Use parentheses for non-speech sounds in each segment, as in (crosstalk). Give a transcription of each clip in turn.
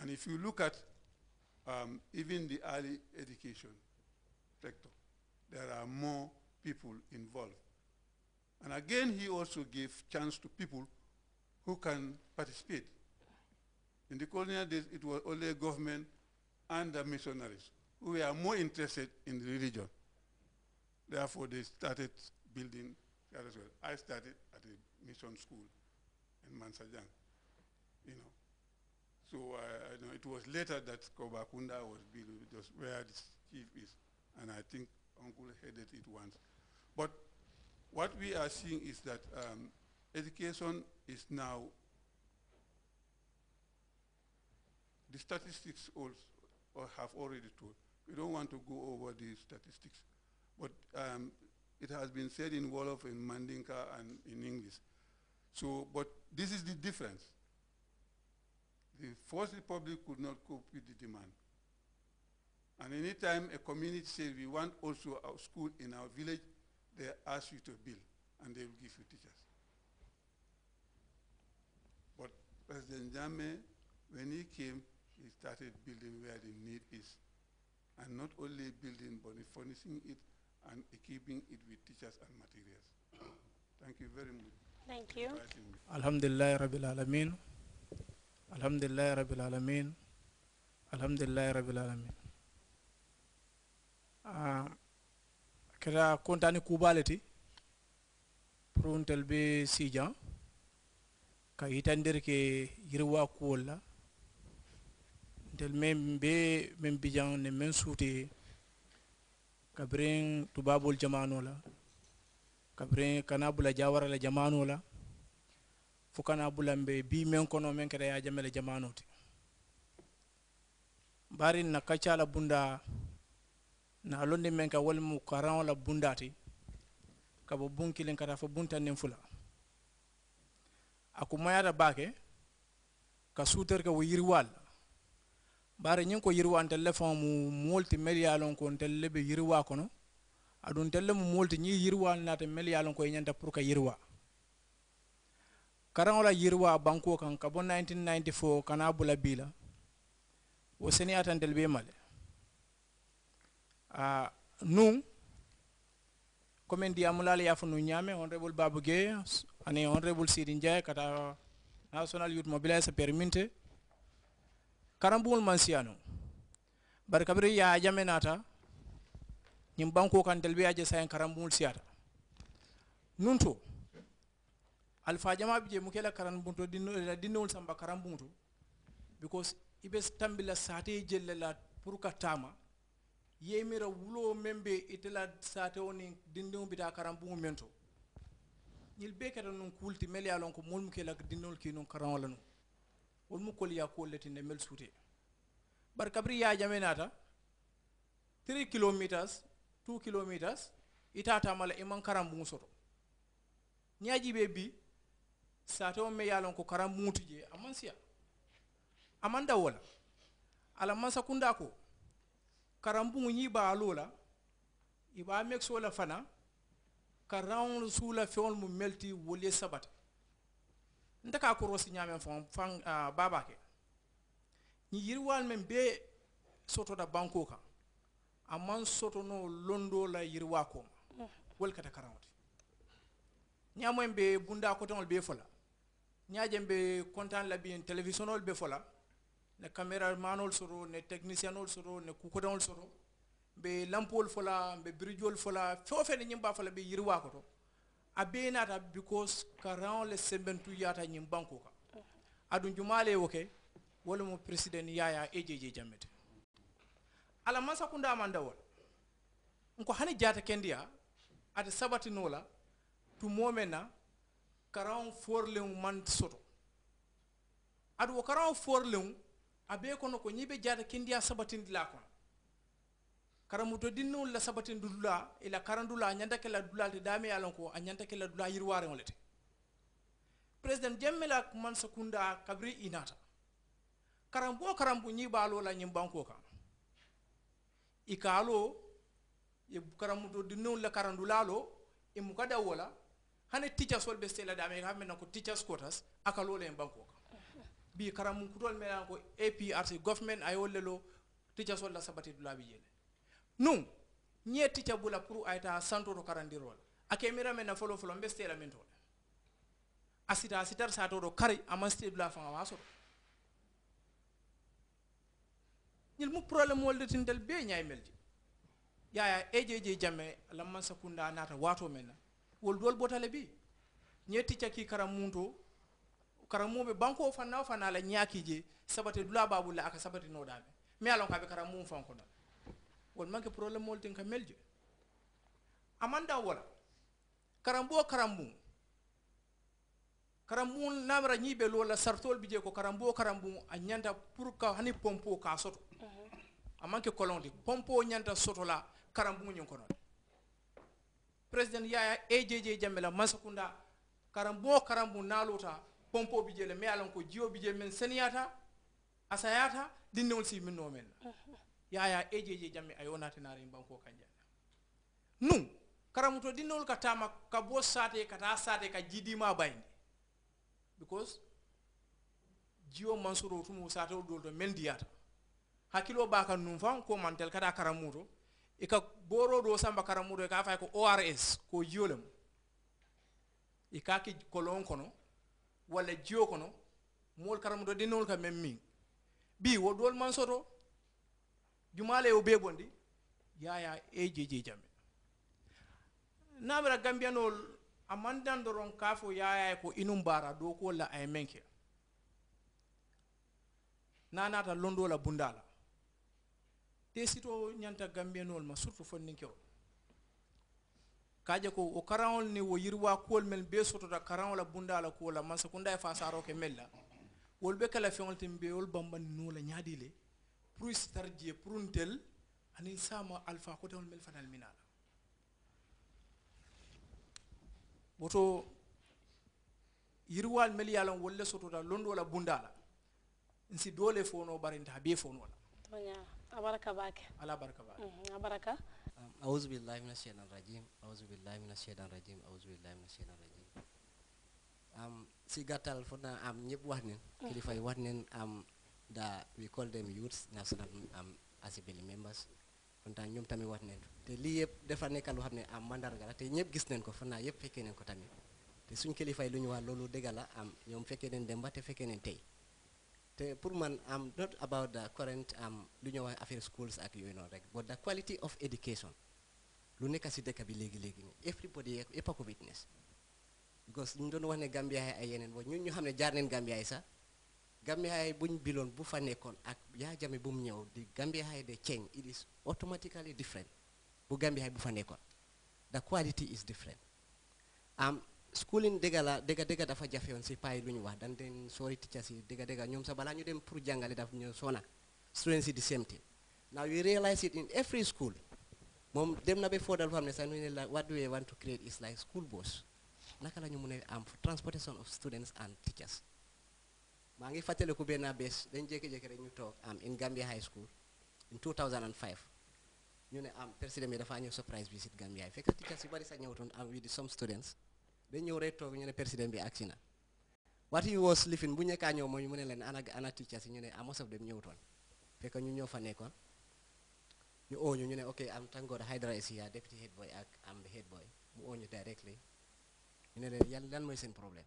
And if you look at um, even the early education sector, there are more people involved. And again, he also gave chance to people who can participate. In the colonial days, it was only government and the missionaries who were more interested in the religion. Therefore, they started building that as well. I started at a mission school in Mansajang, you know. So uh, you know, it was later that Kobakunda was built, just where the chief is, and I think Uncle headed it once. But what we are seeing is that um, education is now, the statistics also have already told. We don't want to go over the statistics, but um, it has been said in Wolof, in Mandinka, and in English. So, but this is the difference. The First Republic could not cope with the demand. And anytime a community says, we want also our school in our village, they ask you to build, and they will give you teachers. But President Jame, when he came, he started building where the need is. And not only building, but furnishing it and equipping it with teachers and materials. Thank you very much. Thank you. Alhamdulillah Rabbil Alameen. alhamdulillahi rabbil alamin alhamdulillahi rabbil alamin ah, a keta kontani kuubale ti pour ntel be sijan ka yitandir ke yirwa kuwol la ntel men be men bijan ne men suuti kabirin tubabol jamano la kabirin kana bula jawara la jamano la fukana bulambe bi men kono men kere ya jamele jamanoti bari na kacha la bunda na londi men ka walmu karan la bundati ka bo bunki len kata fo bunta nen fula aku mayata bake ka suter ka wo yiriwal bari nyen ko yiriwa ntelle faŋo mu moolu ti lon ko ntelle be yiriwa kono aduŋ ntelle mu moolu ti ñiŋ yiriwa naata melu ye ko nyanta pour ka yiriwa karaŋo la yiriwa bankuo kaŋ ka bo 1994 kana a bula bii la wo seni atantelu be ma le uh, ah, nuŋ komin diyamulaalu ye a fo nuŋ ñaame honorable babu geye aniŋ honorable sidi ndiaye kata national youth mobilise perminte karambuŋolu maŋ siya nuŋ bari kabiri ye a jame naata ñiŋ bankuo kaŋ telu be a je sayiŋ karambuŋolu siyata nuŋ to alfajama bije mukela karan bunto dinno la dinno samba karan bunto because ibe stambila sate jelle la pour ka tama yemira wulo membe itela sate oni dinno bita karan bunto mento ñil be kata non kulti mel ya lon ko mol mukela dinnol ki non karan wala non wol mu ya ko leti ne mel suute bar kabri ya jamenata 3 kilometers 2 kilometers ita tamala iman karam bungu soto ñaji be bi sate wo me ye a lon ko kara muutu je a maŋ siya a maŋ dawo la ala mansa kunda ko karambuŋo ñiŋ i be a loo la i be a mekisoo la fana ka raŋolu suu la feŋolu mu melu ti wolu ye sabati nte ka a korosi ñaameŋ faŋ faŋ uh, baabaa ke ñiŋ yiriwaalu meŋ bee sotota bankoo kaŋ a maŋ soto noo londoo la yiriwaa koo ma mm. wolu kata karaŋo ti ñaamoyeŋ be bundaa kotoŋolu bee fo la ñajembe content labi la télévision ol be fola ne cameraman ol soro ne technicienol ol soro ne kukodan ol soro be lampol fola be bridgeol fola fofe ne nyimba fola be yirwa koto a abe naata because karan le sembentu yaata nyim banko ka adun jumale woke wala mo president yaya ejeje ala nko hani ata na karaŋo forleŋo maŋ soto aduŋ wo karaŋo forleŋo a bee kono ko ñiŋ be jaata kindiya sabatindi la kono karamuto dinniŋolu la sabatindi dulaa i la karaŋ dulaa a ñanta ke la dulaa te daame ye loŋ ko a ñanta ke la dulaa yiriwaariŋo le te president jemme la mansa kunda kabiri i naata karambu o karambu ñiŋ be a loo la ñiŋ bankoo kaŋ i ka a loo ye karamuto dinniŋolu la karaŋ dulaa loo i muka dawo la hane ticasol ɓe sela de amin hamenan ko ticas kotas akalole en banque o kam mbi kara mum kutol meɗan ko aprc gofment a yollelo ticasol la sabati du laabi jeele nun ñie ticca bula pour ayta santo to karandirol akemira men na folo folo mbe sela min tole a sita a sitar sa toɗo kari aman sitedu la fan awa soto ñil mu probléme woldetindel be ñaymelji yaya ejeje jamme lamman sakunda nata waato men na woldol botale bi ñetti caki karamunto karamuɓe banko fanna fana la ñaki je sabate dula la aka sabati noɗaɓe mi alon ka be kaɓe karamum fankoɗa won manque probléme mol tin ka melje amanda wala karambu o karambu karambu namra ñiɓe lola sartol bi je ko karambu o karambu a ñanta pour ka hani pompo ka soto mhm. amanke kolon di pompo ñanta soto sotola karambu ko konoɗa president yaya ejj jambela masakunda karambo karambu nalota pompo bi jele me alon ko jio bi je men seniyata asayata dinnewol si min nomen men (laughs) yaya ejj jammi ayonati nare banko kanja nu to dinnewol ka tama ka bo sate ka ta sate ka jidima bayndi because jio mansuro tumu sate o dolto men diyata hakkilo bakan num fan ko mantel kada karamuto i ka boro do samba karamudo ka fay ko ors ko i ka ki kolon kono wala jio kono mool karamudo dinol ka mem min bi wo dol man soto jumale o be bondi yaya ejeje jame nabira gambiyanol a man dan doron k'a fo yaya ko inum bara do ko la ay menke na nata londo te sito ñanta gambenol ma surtout fonnin kew kaje ko o karaŋol ni wo yiriwa kuwol men be sotota karaŋo la bunda la kuwo la mansa kunda ye fasaro ke mel la wol be kala feŋol tin be wol bambani nuwo la ñaadi le pour sitar jee pour ntel aniŋ saama alfa koteŋol mel fanal mina la woto yiriwal mel ye a loŋ wol le sotota londo la bunda la nsi doo le fono barinta a bee fono la abaraka baake ala baraka baake mm-hmm. abaraka أعوذ بالله من الشيطان الرجيم أعوذ بالله من الشيطان الرجيم أعوذ si gàttal foog naa am um, ñëpp wax neen mm-hmm. kilifa yi wax neen am um, da we call them youths national am um, assembly members kon tam ñoom tamit wax neen te lii yëpp dafa nekk lu xam ne am mandarga la te ñëpp gis neen ko foog naa yëpp fekkee neen ko tamit te suñ kilifa yi lu ñu wax loolu dëgg la am ñoom fekkee neen dem ba te fekkee neen tey te pour man am not about the current am um, lu ñu wax affaire schools ak yooyu noonu rek but the quality of education lu nekk si dëkk bi léegi léegi nii everybody yëpp a ko witness because ñu doon wax ne Gambia ay yeneen bo ñun ñu xam jaar neen Gambia ay sax Gambia ay buñ biloon bu fa nekkoon ak yaa jame bu mu ñëw di Gambia ay de change it is automatically different bu Gambia ay bu fa nekkoon the quality is different am um, schooling in la dega dega dafa jafewoon si pay lu ñu wax dan den sorry teachers yi dega dëgga ñoom sax balaa ñu dem pour jàngale daf ñu sona students yi di same thing now we realize it in every school moom dem na be foo dal foo sa ne ñu ne what do we want to create is like school bus naka la ñu mun am transportation of students and teachers maa ngi fàttaliku benn bés dañ jékki-jékki rek ñu am in Gambia High School in 2005 ñu ne am président bi dafa ñëw surprise visit Gambia fekk teachers yu bari sax ñëwatuñ am with some students dañ ñëw rek toog ñu ne président bi agsi what he was living bu ñekkaa ñëw mooy mu ne leen ana ana teachers yi ñu ne amosof dem ñëwutoon fekk ñu ñoo fa nekkoon ñu ooñu ñu ne ok am tàngoor Hydra is here deputy head boy ak am head boy mu ooñu directly ñu ne leen yan lan mooy seen problème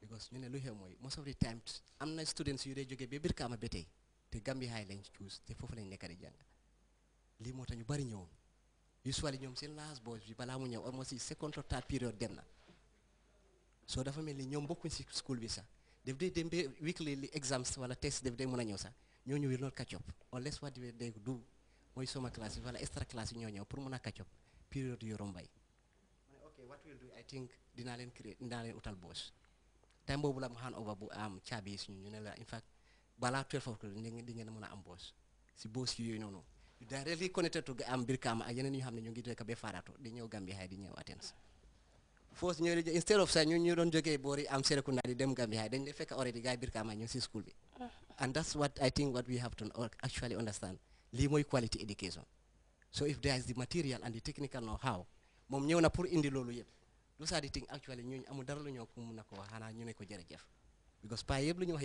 because ñu ne lu xew mooy most of the time am na students yu dee jógee ba biir kaama ba tey te gambi High lañ choose te foofu lañ nekk di jàng lii moo tax bari ñëwoon usually ñoom seen last boss bi balaa mu ñëw almost si second or third period dem na so dafa mel ni ñoom bokkuñ si school bi sax def dee dem weekly exams wala test def dee mën a ñëw sax ñooñu will not catch up unless what they do mooy summer class wala extra class ñoo ñëw pour mën a catch up period yu rombay ok what we'll do I think dinaa leen créer dinaa leen utal boss time boobu la mu hand over bu am caabi yi suñu ñu ne la in fact balaa twelve o'clock di ngeen di ngeen mën a am boss si boss yooyu noonu directly connected to am biir Kaama ak yeneen ñu xam ne ñu ngi dëkk ba Faratu di ñëw Gambie xay di ñëw First foos instead of you don't doon jógee i am Serekunda di dem Gambie xay dañ lay already gars yi biir Kaama ñu si school bi uh-huh. and that's what I think what we have to actually understand lii quality education so if there is the material and the technical know how moom ñëw na in indi lolo ye. those are the things actually ñooñu amul dara lu ñoo ko mun a ko wax xanaa ñu ne ko jërëjëf because paa yëpp